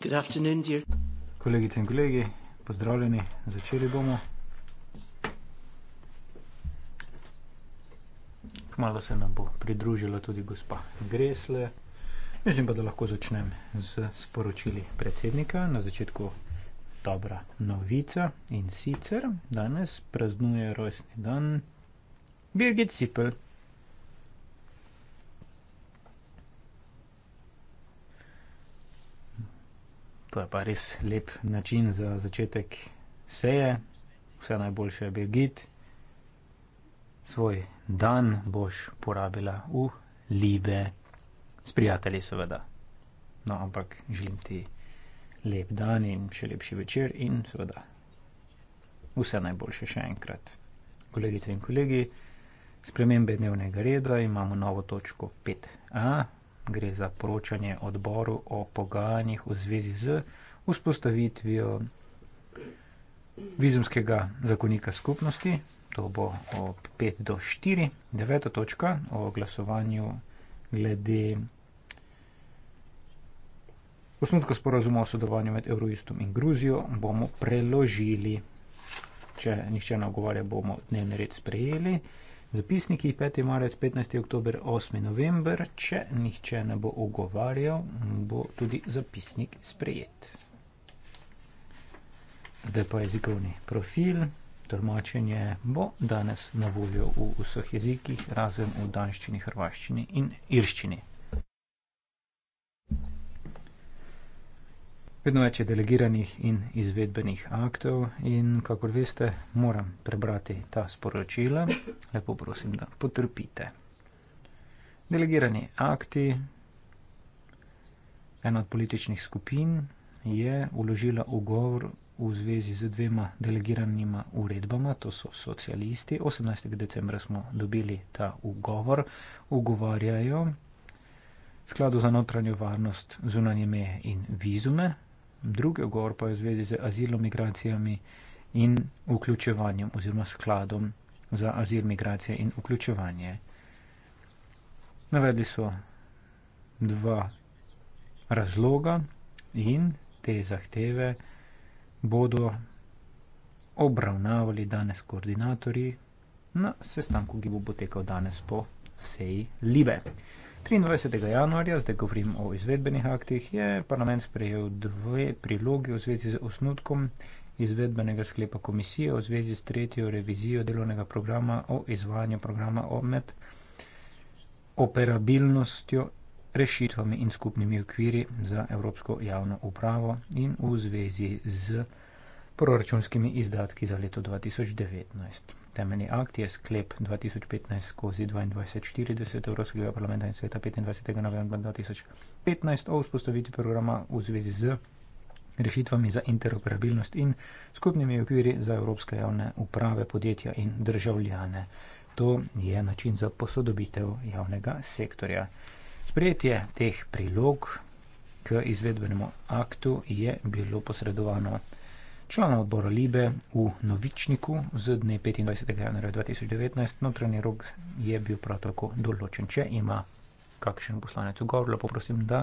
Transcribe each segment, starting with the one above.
Good afternoon, dear. Kolegice in kolegi, pozdravljeni, začeli bomo. Kmalo se nam bo pridružila tudi gospa Gresle. Mislim pa, da lahko začnem z sporočili predsednika. Na začetku dobra novica in sicer danes praznuje rojstni dan Birgit Sipel. To je pa res lep način za začetek seje. Vse najboljše, Birgit. Svoj dan boš porabila v libe, s prijatelji seveda. No, ampak želim ti lep dan in še lepši večer in seveda vse najboljše še enkrat. Kolegice in kolegi, spremembe dnevnega reda imamo novo točko 5a gre za poročanje odboru o pogajanjih v zvezi z vzpostavitvijo vizumskega zakonika skupnosti. To bo ob 5 do 4, 9. točka o glasovanju glede osnutka sporazuma o sodelovanju med Euroistom in Gruzijo bomo preložili. Če nišče ne ogovarja, bomo dnevni red sprejeli. Zapisniki 5. marec, 15. oktober, 8. november, če nihče ne bo ogovarjal, bo tudi zapisnik sprejet. Zdaj pa jezikovni profil. Tolmačenje bo danes na voljo v vseh jezikih, razen v danščini, hrvaščini in irščini. Vedno več je delegiranih in izvedbenih aktov in, kakor veste, moram prebrati ta sporočila. Lepo prosim, da potrpite. Delegirani akti, ena od političnih skupin je uložila ugovor v zvezi z dvema delegiranima uredbama, to so socialisti. 18. decembra smo dobili ta ugovor. Ugovarjajo skladu za notranjo varnost, zunanje meje in vizume druge govor pa je v zvezi z azilom, migracijami in vključevanjem oziroma skladom za azil, migracije in vključevanje. Navedli so dva razloga in te zahteve bodo obravnavali danes koordinatorji na sestanku, ki bo potekal danes po seji Libe. 23. januarja, zdaj govorim o izvedbenih aktih, je parlament sprejel dve priloge v zvezi z osnutkom izvedbenega sklepa komisije v zvezi s tretjo revizijo delovnega programa o izvajanju programa med operabilnostjo, rešitvami in skupnimi okviri za evropsko javno upravo in v zvezi z proračunskimi izdatki za leto 2019. Temeljni akt je sklep 2015 skozi 2240 Evropskega parlamenta in sveta 25. novembra 2015 o vzpostavitvi programa v zvezi z rešitvami za interoperabilnost in skupnimi okviri za evropske javne uprave, podjetja in državljane. To je način za posodobitev javnega sektorja. Sprejetje teh prilog k izvedbenemu aktu je bilo posredovano člana odbora Libe v Novičniku z dne 25. januarja 2019. Notranji rok je bil prav tako določen. Če ima kakšen poslanec ugovor, lepo prosim, da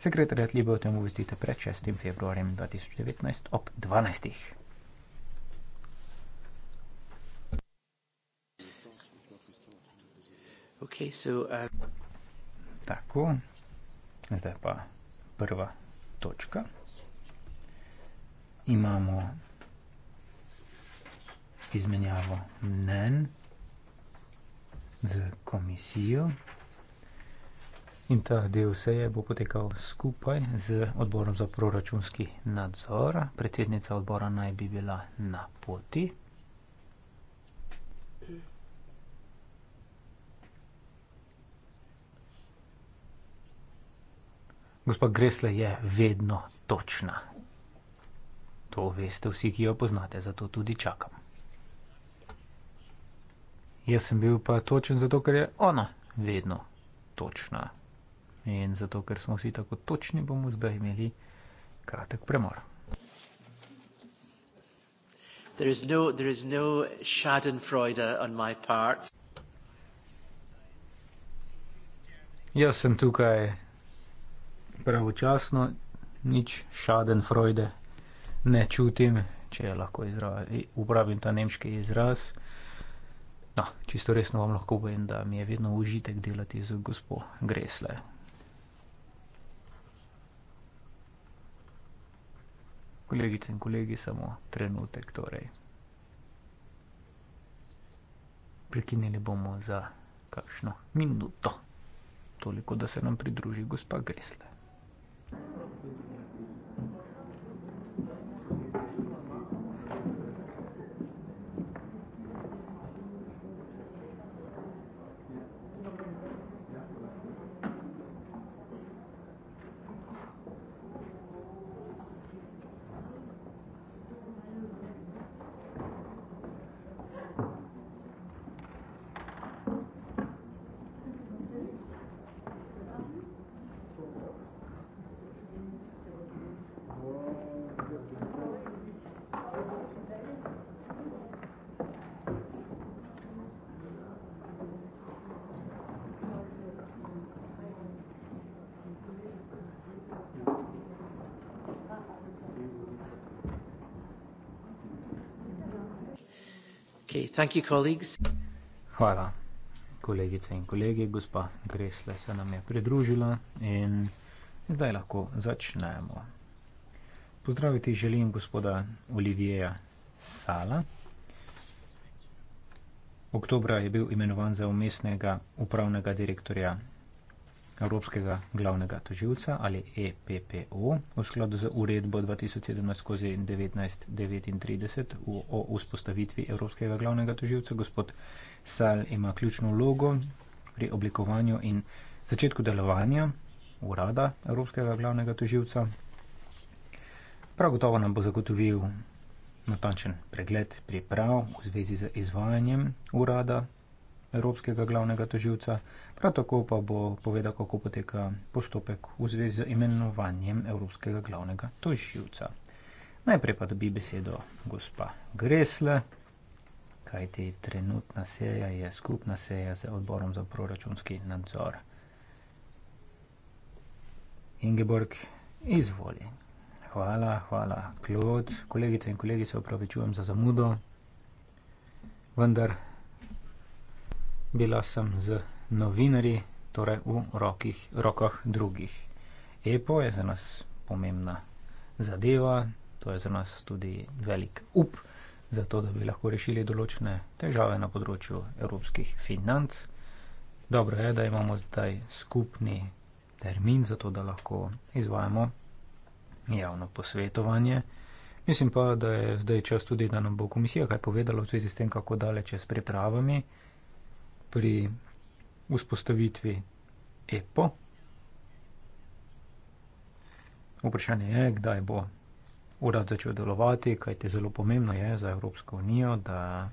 sekretarjat Libe o tem uvestite pred 6. februarjem 2019 ob 12. Okay, so, uh... Tako, zdaj pa prva točka imamo izmenjavo mnen z komisijo in ta del seje bo potekal skupaj z odborom za proračunski nadzor. Predsednica odbora naj bi bila na poti. Gospod Gresle je vedno točna. To veste vsi, ki jo poznate, zato tudi čakam. Jaz sem bil pa točen zato, ker je ona vedno točna. In zato, ker smo vsi tako točni, bomo zdaj imeli kratek premor. No, no Jaz sem tukaj pravočasno, nič šaden Freude. No ne čutim, če lahko uporabim ta nemški izraz. No, čisto resno vam lahko povem, da mi je vedno užitek delati z gospo Gresle. Kolegice in kolegi, samo trenutek torej. Prekinili bomo za kakšno minuto, toliko da se nam pridruži gospa Gresle. Thank you. Okay, thank you, colleagues. Hvala, kolegice in kolege. Gospa Gresle se nam je pridružila in zdaj lahko začnemo. Pozdraviti želim gospoda Olivija Sala. Oktobra je bil imenovan za umestnega upravnega direktorja Evropskega glavnega toživca ali EPPO v skladu z uredbo 2017-1939 o vzpostavitvi Evropskega glavnega toživca. Gospod Sal ima ključno vlogo pri oblikovanju in začetku delovanja urada Evropskega glavnega toživca. Prav gotovo nam bo zagotovil natančen pregled priprav v zvezi z izvajanjem urada Evropskega glavnega toživca, prav tako pa bo povedal, kako poteka postopek v zvezi z imenovanjem Evropskega glavnega toživca. Najprej pa dobi besedo gospa Gresle, kajti trenutna seja je skupna seja z odborom za proračunski nadzor. Ingeborg, izvoli. Hvala, hvala, Klod. Kolegice in kolegi, se opravičujem za zamudo, vendar bila sem z novinarji, torej v rokih, rokah drugih. EPO je za nas pomembna zadeva, to je za nas tudi velik up, zato da bi lahko rešili določene težave na področju evropskih financ. Dobro je, da imamo zdaj skupni termin, zato da lahko izvajamo javno posvetovanje. Mislim pa, da je zdaj čas tudi, da nam bo komisija kaj povedala v zvezi s tem, kako daleč je s pripravami pri vzpostavitvi EPO. Vprašanje je, kdaj bo urad začel delovati, kaj te zelo pomembno je za Evropsko unijo, da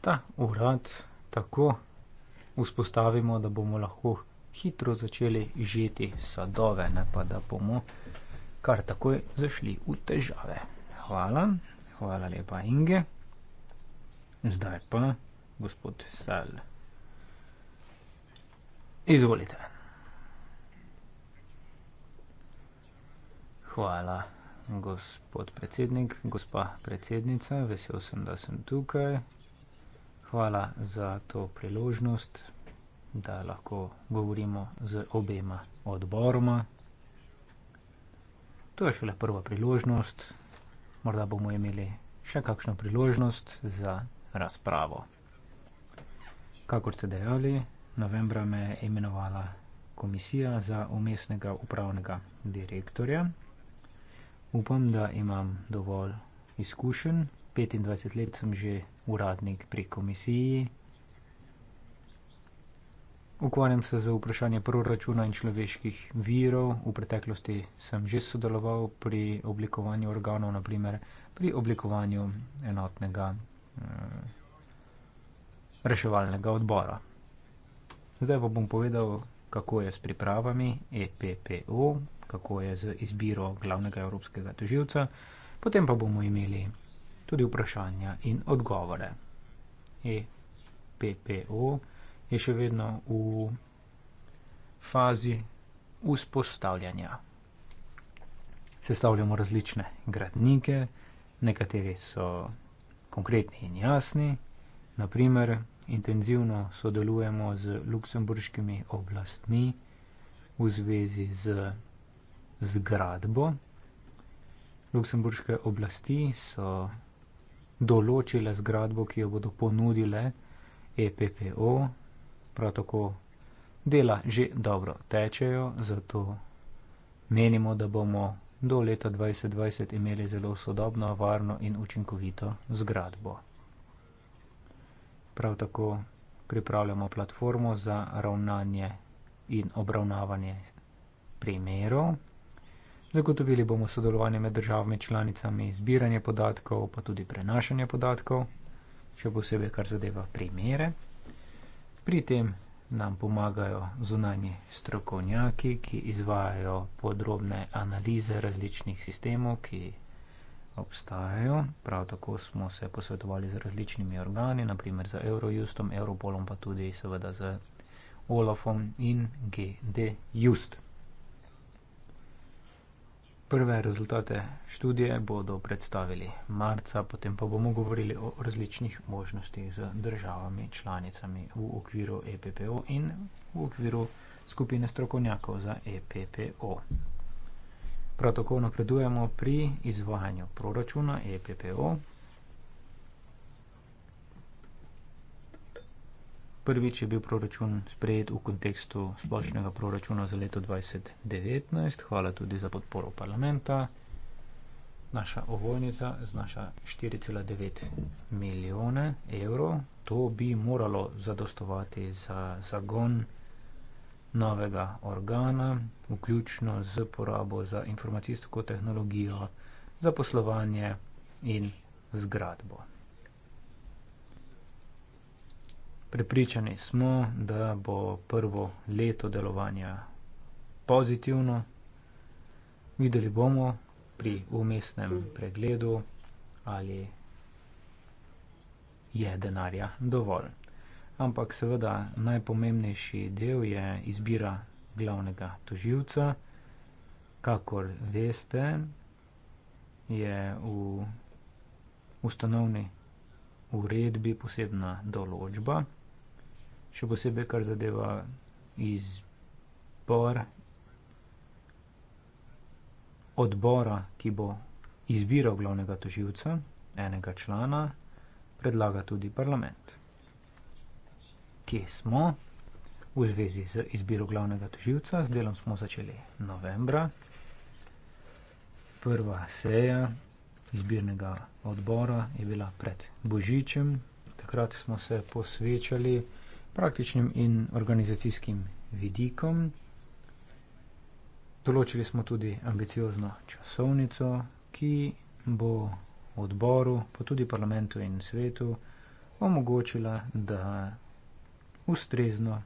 ta urad tako vzpostavimo, da bomo lahko hitro začeli žeti sadove, ne pa da bomo kar takoj zašli v težave. Hvala, hvala lepa Inge. Zdaj pa, gospod Sal, izvolite. Hvala, gospod predsednik, gospa predsednica, vesel sem, da sem tukaj. Hvala za to priložnost, da lahko govorimo z obema odboroma. To je šele prva priložnost, morda bomo imeli še kakšno priložnost za razpravo. Kakor ste dejali, novembra me je imenovala komisija za umestnega upravnega direktorja. Upam, da imam dovolj izkušen. 25 let sem že uradnik pri komisiji. Ukvarjam se za vprašanje proračuna in človeških virov. V preteklosti sem že sodeloval pri oblikovanju organov, naprimer pri oblikovanju enotnega Eh, reševalnega odbora. Zdaj pa bom povedal, kako je s pripravami EPPO, kako je z izbiro glavnega evropskega toživca, potem pa bomo imeli tudi vprašanja in odgovore. EPPO je še vedno v fazi vzpostavljanja. Sestavljamo različne gradnike, nekateri so konkretni in jasni. Naprimer, intenzivno sodelujemo z luksemburškimi oblastmi v zvezi z zgradbo. Luksemburške oblasti so določile zgradbo, ki jo bodo ponudile EPPO, prav tako dela že dobro tečejo, zato menimo, da bomo do leta 2020 imeli zelo sodobno, varno in učinkovito zgradbo. Prav tako pripravljamo platformo za ravnanje in obravnavanje primerov. Zagotovili bomo sodelovanje med državami članicami, zbiranje podatkov, pa tudi prenašanje podatkov, še posebej kar zadeva primere. Pri tem nam pomagajo zunani strokovnjaki, ki izvajajo podrobne analize različnih sistemov, ki obstajajo. Prav tako smo se posvetovali z različnimi organi, naprimer z Eurojustom, Europolom, pa tudi seveda z Olafom in GD Just. Prve rezultate študije bodo predstavili marca, potem pa bomo govorili o različnih možnostih z državami članicami v okviru EPPO in v okviru skupine strokovnjakov za EPPO. Prav tako napredujemo pri izvajanju proračuna EPPO, Prvič je bil proračun sprejet v kontekstu splošnega proračuna za leto 2019. Hvala tudi za podporo parlamenta. Naša ovojnica znaša 4,9 milijone evrov. To bi moralo zadostovati za zagon novega organa, vključno z porabo za informacijsko tehnologijo, zaposlovanje in zgradbo. Pripričani smo, da bo prvo leto delovanja pozitivno. Videli bomo pri umestnem pregledu, ali je denarja dovolj. Ampak seveda najpomembnejši del je izbira glavnega toživca. Kakor veste, je v ustanovni uredbi posebna določba, še posebej kar zadeva izbor odbora, ki bo izbiral glavnega toživca, enega člana, predlaga tudi parlament. Kje smo v zvezi z izbiro glavnega toživca? Z delom smo začeli novembra. Prva seja izbirnega odbora je bila pred Božičem. Takrat smo se posvečali praktičnim in organizacijskim vidikom. Določili smo tudi ambiciozno časovnico, ki bo odboru, pa tudi parlamentu in svetu omogočila, da ustrezno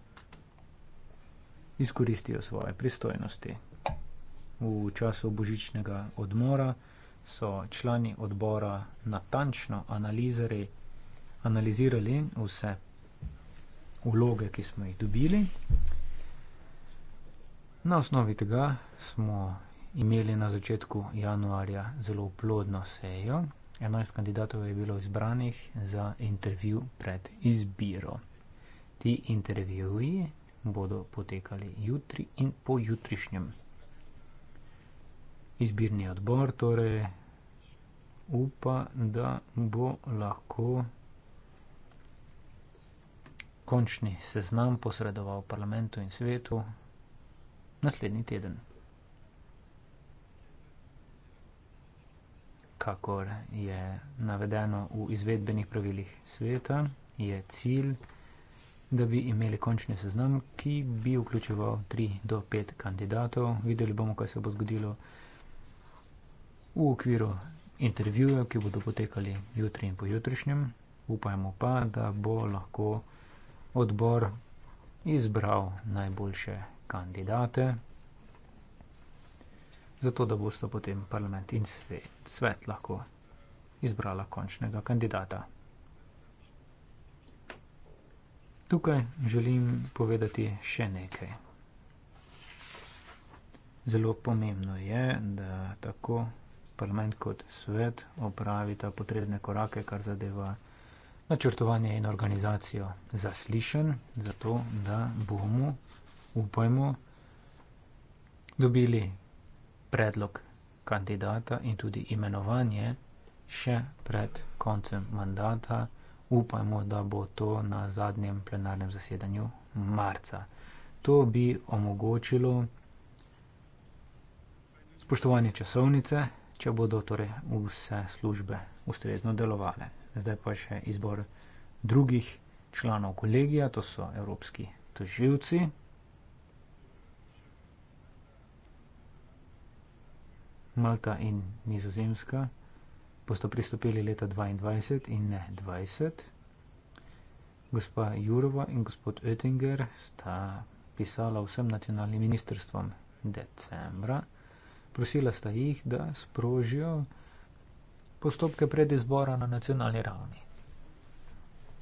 izkoristijo svoje pristojnosti. V času božičnega odmora so člani odbora natančno analizirali vse vloge, ki smo jih dobili. Na osnovi tega smo imeli na začetku januarja zelo plodno sejo. 11 kandidatov je bilo izbranih za intervju pred izbiro. Ti intervjuji bodo potekali jutri in pojutrišnjem. Izbirni odbor torej upa, da bo lahko končni seznam posredoval parlamentu in svetu naslednji teden. Kakor je navedeno v izvedbenih pravilih sveta, je cilj, da bi imeli končni seznam, ki bi vključeval 3 do 5 kandidatov. Videli bomo, kaj se bo zgodilo v okviru intervjujev, ki bodo potekali jutri in pojutrišnjem. Upajmo pa, da bo lahko odbor izbral najboljše kandidate, zato da boste potem parlament in svet, svet lahko izbrala končnega kandidata. Tukaj želim povedati še nekaj. Zelo pomembno je, da tako parlament kot svet opravita potrebne korake, kar zadeva načrtovanje in organizacijo zaslišen, zato da bomo, upajmo, dobili predlog kandidata in tudi imenovanje še pred koncem mandata. Upajmo, da bo to na zadnjem plenarnem zasedanju marca. To bi omogočilo spoštovanje časovnice, če bodo torej vse službe ustrezno delovale zdaj pa še izbor drugih članov kolegija, to so evropski toživci. Malta in Nizozemska boste pristopili leta 2022 in ne 2020. Gospa Jurova in gospod Oettinger sta pisala vsem nacionalnim ministrstvom decembra. Prosila sta jih, da sprožijo vsega, postopke pred izbora na nacionalni ravni.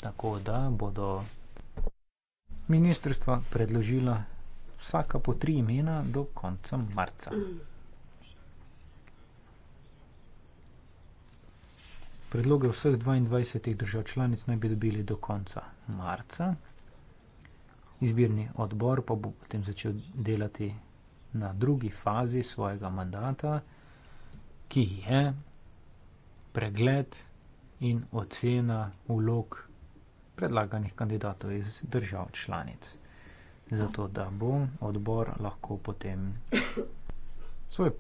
Tako da bodo ministrstva predložila vsaka po tri imena do konca marca. Predloge vseh 22 držav članic naj bi dobili do konca marca. Izbirni odbor pa bo potem začel delati na drugi fazi svojega mandata, ki je pregled in ocena vlog predlaganih kandidatov iz držav članic. Zato, da bo odbor lahko potem svoj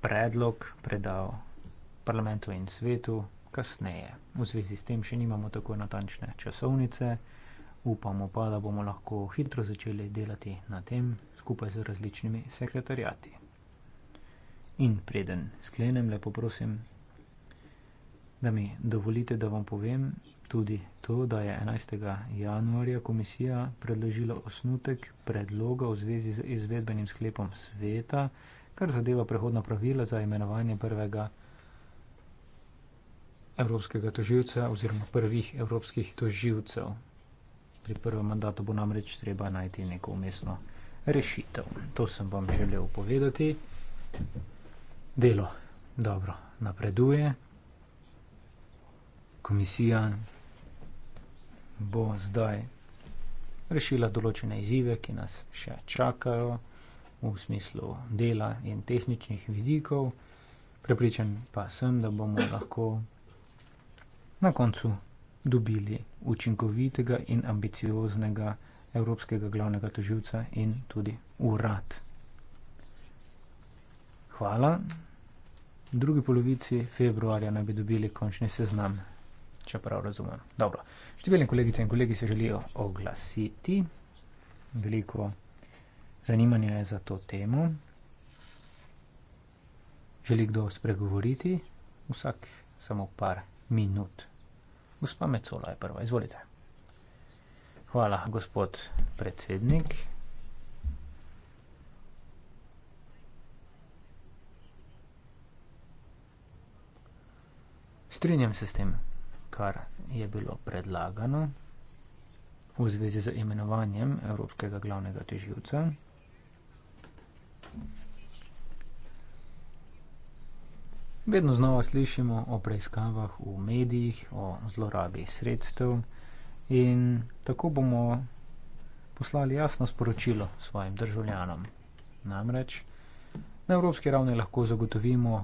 predlog predal parlamentu in svetu kasneje. V zvezi s tem še nimamo tako natančne časovnice, upamo pa, da bomo lahko hitro začeli delati na tem skupaj z različnimi sekretarijati. In preden sklenem, lepo prosim, da mi dovolite, da vam povem tudi to, da je 11. januarja komisija predložila osnutek predloga v zvezi z izvedbenim sklepom sveta, kar zadeva prehodna pravila za imenovanje prvega evropskega toživca oziroma prvih evropskih toživcev. Pri prvem mandatu bo namreč treba najti neko umestno rešitev. To sem vam želel povedati. Delo dobro napreduje komisija bo zdaj rešila določene izzive, ki nas še čakajo v smislu dela in tehničnih vidikov. Prepričan pa sem, da bomo lahko na koncu dobili učinkovitega in ambicioznega evropskega glavnega toživca in tudi urad. Hvala. V drugi polovici februarja naj bi dobili končni seznam če prav razumem. Dobro. Številni kolegice in kolegi se želijo oglasiti, veliko zanimanja je za to temo. Želi kdo spregovoriti? Vsak samo par minut. Gospa Mecola je prva, izvolite. Hvala, gospod predsednik. Strinjam se s tem kar je bilo predlagano v zvezi z imenovanjem Evropskega glavnega težilca. Vedno znova slišimo o preiskavah v medijih, o zlorabi sredstev in tako bomo poslali jasno sporočilo svojim državljanom. Namreč na evropski ravni lahko zagotovimo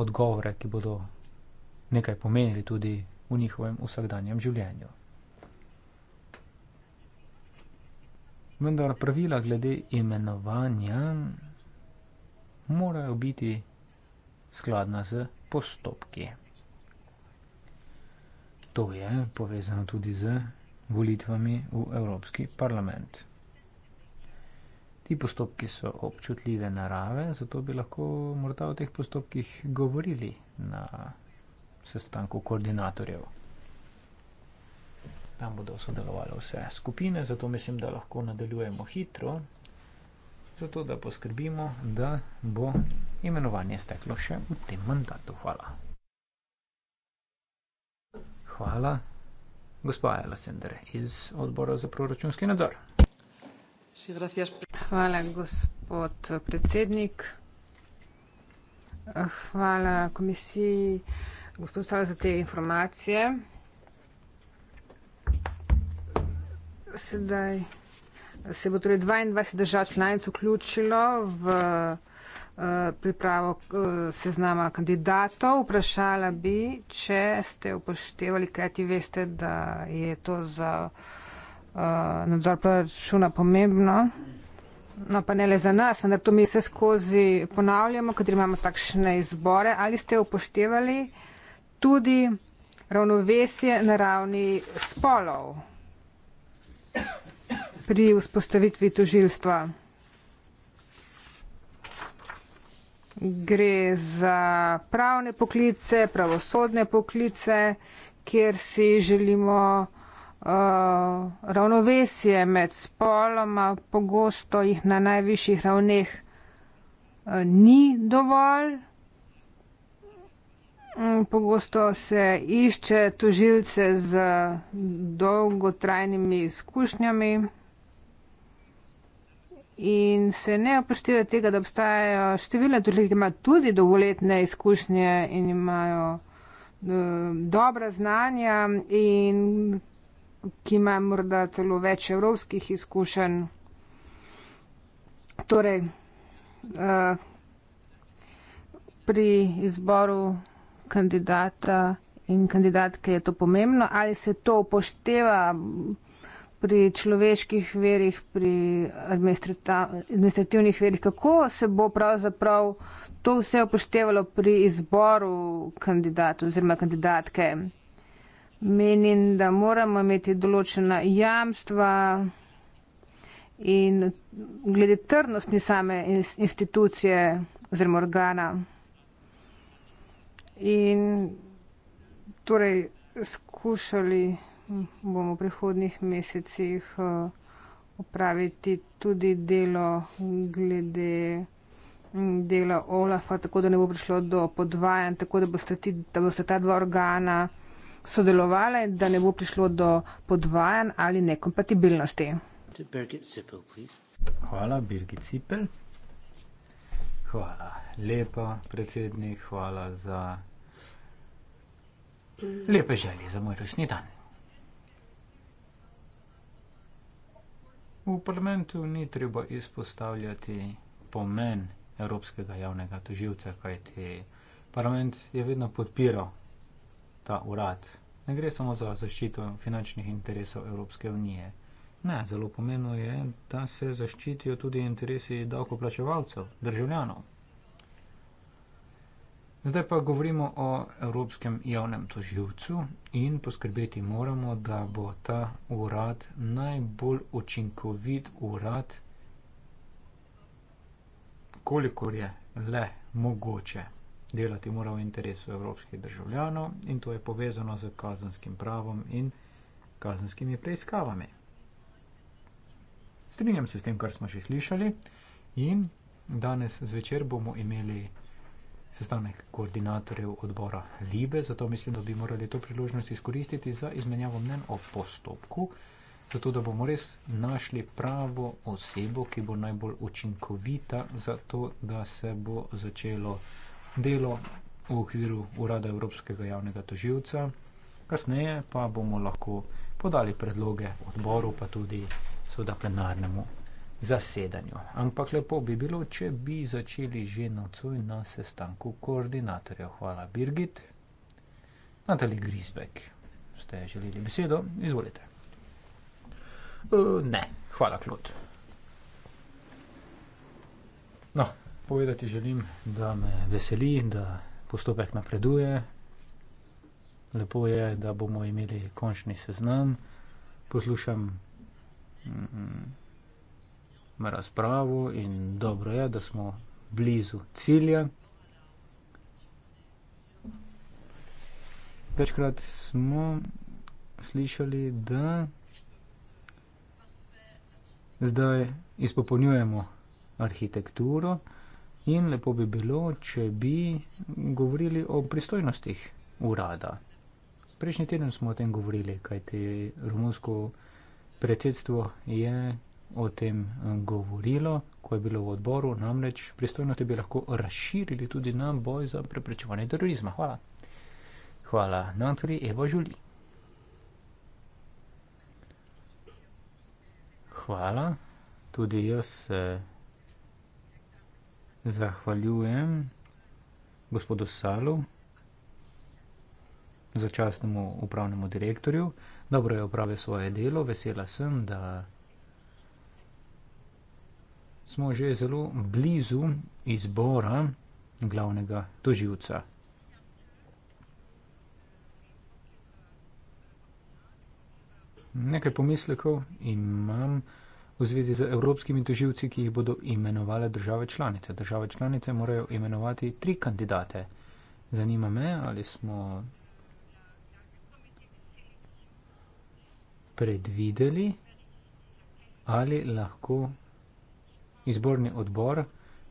odgovore, ki bodo nekaj pomenili tudi v njihovem vsakdanjem življenju. Vendar pravila glede imenovanja morajo biti skladna z postopki. To je povezano tudi z volitvami v Evropski parlament. Ti postopki so občutljive narave, zato bi lahko morda o teh postopkih govorili na sestanku koordinatorjev. Tam bodo sodelovali vse skupine, zato mislim, da lahko nadaljujemo hitro, zato da poskrbimo, da bo imenovanje steklo še v tem mandatu. Hvala. Hvala, gospod Alessandr iz odbora za proračunski nadzor. Hvala, gospod predsednik. Hvala komisiji gospod Stalin za te informacije. Sedaj se bo torej 22 držav članic vključilo v uh, pripravo uh, seznama kandidatov. Vprašala bi, če ste upoštevali, kaj ti veste, da je to za uh, nadzor proračuna pomembno. No, pa ne le za nas, vendar to mi vse skozi ponavljamo, kadar imamo takšne izbore. Ali ste upoštevali? tudi ravnovesje na ravni spolov pri vzpostavitvi tožilstva. Gre za pravne poklice, pravosodne poklice, kjer si želimo uh, ravnovesje med spoloma, pogosto jih na najvišjih ravneh uh, ni dovolj. Mm, pogosto se išče tožilce z dolgotrajnimi izkušnjami in se ne upošteva tega, da obstajajo številne tožilke, ki imajo tudi dolgoletne izkušnje in imajo e, dobra znanja in ki imajo morda celo več evropskih izkušenj. Torej, e, pri izboru kandidata in kandidatke je to pomembno, ali se to upošteva pri človeških verjih, pri administrativnih verjih, kako se bo pravzaprav to vse upoštevalo pri izboru kandidata oziroma kandidatke. Menim, da moramo imeti določena jamstva in glede trdnosti same institucije oziroma organa in torej skušali bomo v prihodnih mesecih eh, opraviti tudi delo glede mm, dela OLAF-a, tako da ne bo prišlo do podvajanj, tako da boste, ti, da boste ta dva organa sodelovali, da ne bo prišlo do podvajanj ali nekompatibilnosti. Hvala, Birgit Sipel. Hvala lepa, predsednik, hvala za lepe želje za moj rojstni dan. V parlamentu ni treba izpostavljati pomen Evropskega javnega toživca, kajti parlament je vedno podpiral ta urad. Ne gre samo za zaščito finančnih interesov Evropske unije. Ne, zelo pomembno je, da se zaščitijo tudi interesi davkoplačevalcev, državljanov. Zdaj pa govorimo o Evropskem javnem toživcu in poskrbeti moramo, da bo ta urad najbolj učinkovit urad, kolikor je le mogoče delati mora v interesu evropskih državljanov in to je povezano z kazanskim pravom in kazanskimi preiskavami. Strinjam se s tem, kar smo že slišali. In danes zvečer bomo imeli sestanek koordinatorjev odbora Libe, zato mislim, da bi morali to priložnost izkoristiti za izmenjavo mnen o postopku, zato da bomo res našli pravo osebo, ki bo najbolj učinkovita za to, da se bo začelo delo v okviru Urada Evropskega javnega toživca. Kasneje pa bomo lahko podali predloge odboru, pa tudi seveda plenarnemu zasedanju. Ampak lepo bi bilo, če bi začeli že nocoj na sestanku koordinatorjev. Hvala, Birgit. Natali Grisbek, ste želeli besedo? Izvolite. E, ne, hvala, Klot. No, povedati želim, da me veseli, da postopek napreduje. Lepo je, da bomo imeli končni seznam. Poslušam Mm-hmm. razpravo in dobro je, da smo blizu cilja. Večkrat smo slišali, da zdaj izpopolnjujemo arhitekturo in lepo bi bilo, če bi govorili o pristojnostih urada. Prejšnji teden smo o tem govorili, kajti romunsko predsedstvo je o tem eh, govorilo, ko je bilo v odboru, namreč pristojnosti bi lahko razširili tudi na boj za preprečevanje terorizma. Hvala. Hvala. Natri Evo Žuli. Hvala. Tudi jaz se zahvaljujem gospodu Salu, začasnemu upravnemu direktorju dobro je opravil svoje delo, vesela sem, da smo že zelo blizu izbora glavnega toživca. Nekaj pomislekov imam v zvezi z evropskimi toživci, ki jih bodo imenovali države članice. Države članice morajo imenovati tri kandidate. Zanima me, ali smo predvideli, ali lahko izborni odbor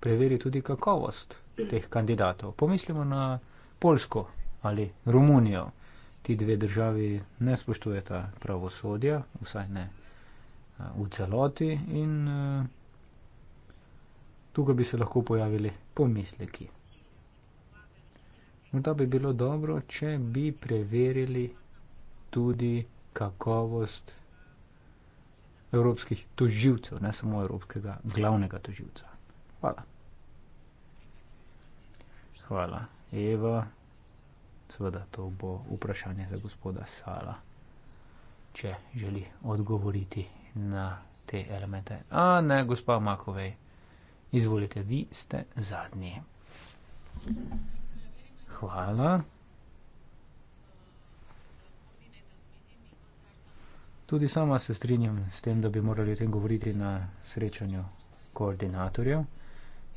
preveri tudi kakovost teh kandidatov. Pomislimo na Polsko ali Romunijo. Ti dve državi ne spoštujeta pravosodja, vsaj ne v celoti, in tukaj bi se lahko pojavili pomisleki. Morda bi bilo dobro, če bi preverili tudi kakovost evropskih toživcev, ne samo evropskega glavnega toživca. Hvala. Hvala, Eva. Seveda, to bo vprašanje za gospoda Sala, če želi odgovoriti na te elemente. A ne, gospa Makovej, izvolite, vi ste zadnji. Hvala. Tudi sama se strinjam s tem, da bi morali o tem govoriti na srečanju koordinatorjev.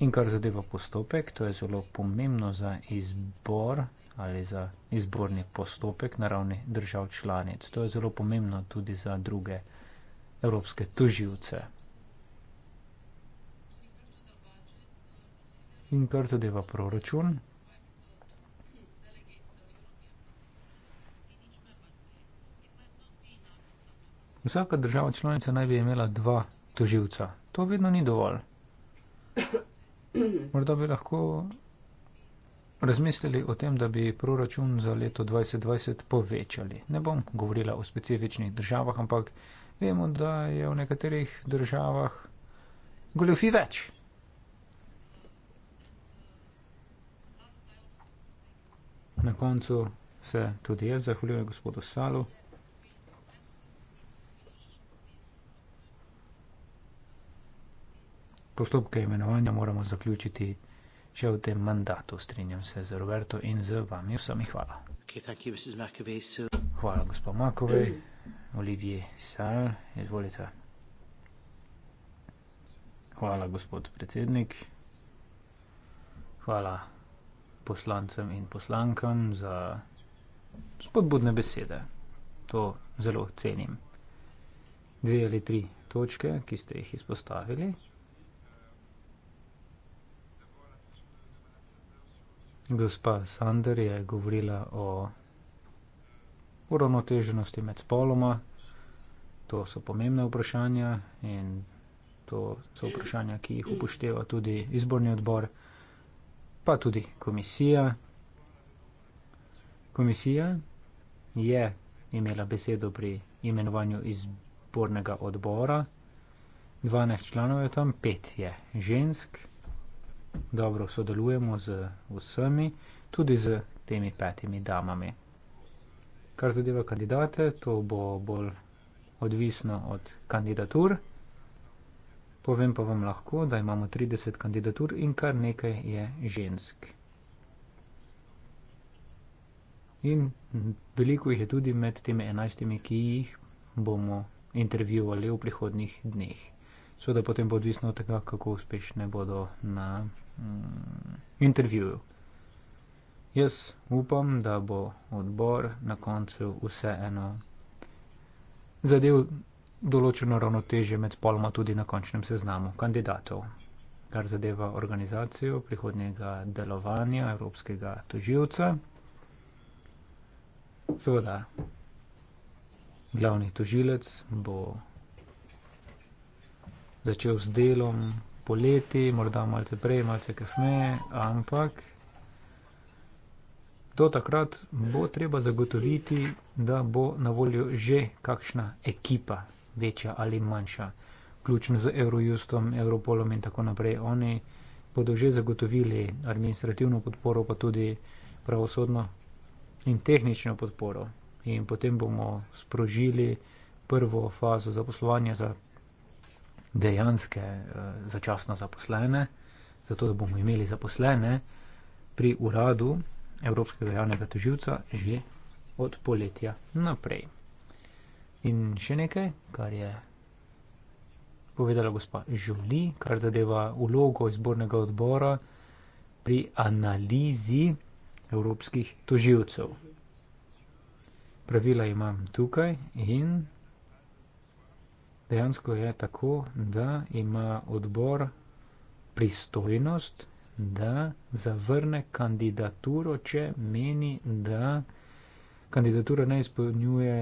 In kar zadeva postopek, to je zelo pomembno za izbor ali za izborni postopek na ravni držav članic. To je zelo pomembno tudi za druge evropske tuživce. In kar zadeva proračun, Vsaka država članica naj bi imela dva toživca. To vedno ni dovolj. Morda bi lahko razmislili o tem, da bi proračun za leto 2020 povečali. Ne bom govorila o specifičnih državah, ampak vemo, da je v nekaterih državah goljofi več. Na koncu se tudi jaz zahvaljujem gospodu Salu. postopke imenovanja moramo zaključiti še v tem mandatu. Strinjam se z Roberto in z vami vsemi. Hvala. Okay, you, hvala, gospod Makovej, Olivier Sal, izvolite. Hvala, gospod predsednik. Hvala poslancem in poslankam za spodbudne besede. To zelo cenim. Dve ali tri točke, ki ste jih izpostavili. gospa Sander je govorila o uravnoteženosti med spoloma. To so pomembne vprašanja in to so vprašanja, ki jih upošteva tudi izborni odbor, pa tudi komisija. Komisija je imela besedo pri imenovanju izbornega odbora. 12 članov je tam, 5 je žensk dobro sodelujemo z vsemi, tudi z temi petimi damami. Kar zadeva kandidate, to bo bolj odvisno od kandidatur. Povem pa vam lahko, da imamo 30 kandidatur in kar nekaj je žensk. In veliko jih je tudi med temi enajstimi, ki jih bomo intervjuvali v prihodnih dneh. Sveda potem bo odvisno od tega, kako uspešne bodo na mm, intervjuju. Jaz upam, da bo odbor na koncu vseeno zadev določeno ravnotežje med spoloma tudi na končnem seznamu kandidatov, kar zadeva organizacijo prihodnjega delovanja evropskega toživca. Seveda, glavni tožilec bo začel s delom poleti, morda malce prej, malce kasneje, ampak do takrat bo treba zagotoviti, da bo na voljo že kakšna ekipa, večja ali manjša, vključno z Eurojustom, Europolom in tako naprej. Oni bodo že zagotovili administrativno podporo, pa tudi pravosodno in tehnično podporo. In potem bomo sprožili prvo fazo zaposlovanja za dejanske eh, začasno zaposlene, zato da bomo imeli zaposlene pri uradu Evropskega javnega toživca že od poletja naprej. In še nekaj, kar je povedala gospa Žuli, kar zadeva ulogo izbornega odbora pri analizi evropskih toživcev. Pravila imam tukaj in dejansko je tako, da ima odbor pristojnost, da zavrne kandidaturo, če meni, da kandidatura ne izpolnjuje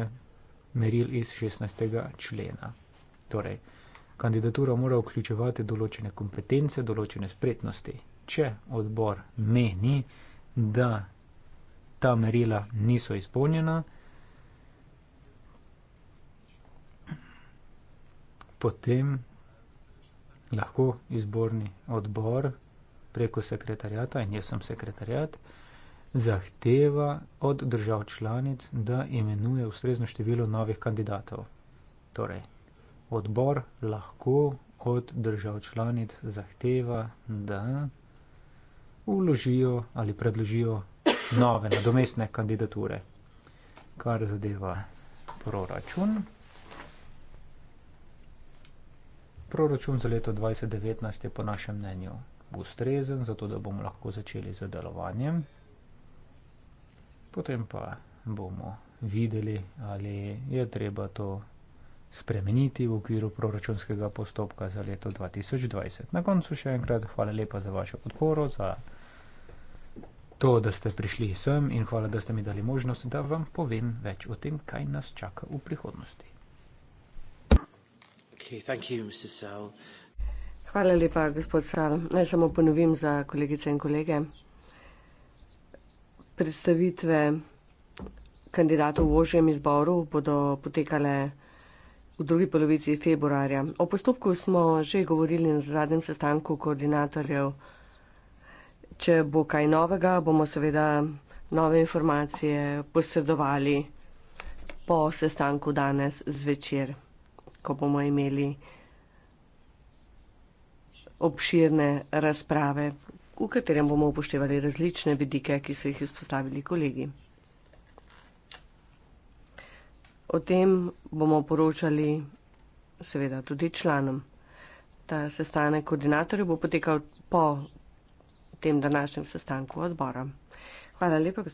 meril iz 16. člena. Torej, kandidatura mora vključevati določene kompetence, določene spretnosti. Če odbor meni, da ta merila niso izpolnjena, potem lahko izborni odbor preko sekretarjata, in jaz sem sekretarjat, zahteva od držav članic, da imenuje ustrezno število novih kandidatov. Torej, odbor lahko od držav članic zahteva, da uložijo ali predložijo nove nadomestne kandidature, kar zadeva proračun. Proračun za leto 2019 je po našem mnenju ustrezen, zato da bomo lahko začeli z delovanjem. Potem pa bomo videli, ali je treba to spremeniti v okviru proračunskega postopka za leto 2020. Na koncu še enkrat hvala lepa za vašo podporo, za to, da ste prišli sem in hvala, da ste mi dali možnost, da vam povem več o tem, kaj nas čaka v prihodnosti. Hvala lepa, gospod Sal. Naj samo ponovim za kolegice in kolege. Predstavitve kandidatov v ožjem izboru bodo potekale v drugi polovici februarja. O postopku smo že govorili na zadnjem sestanku koordinatorjev. Če bo kaj novega, bomo seveda nove informacije posredovali po sestanku danes zvečer ko bomo imeli obširne razprave, v katerem bomo upoštevali različne vidike, ki so jih izpostavili kolegi. O tem bomo poročali seveda tudi članom. Ta sestanek koordinatorjev bo potekal po tem današnjem sestanku odbora. Hvala lepa.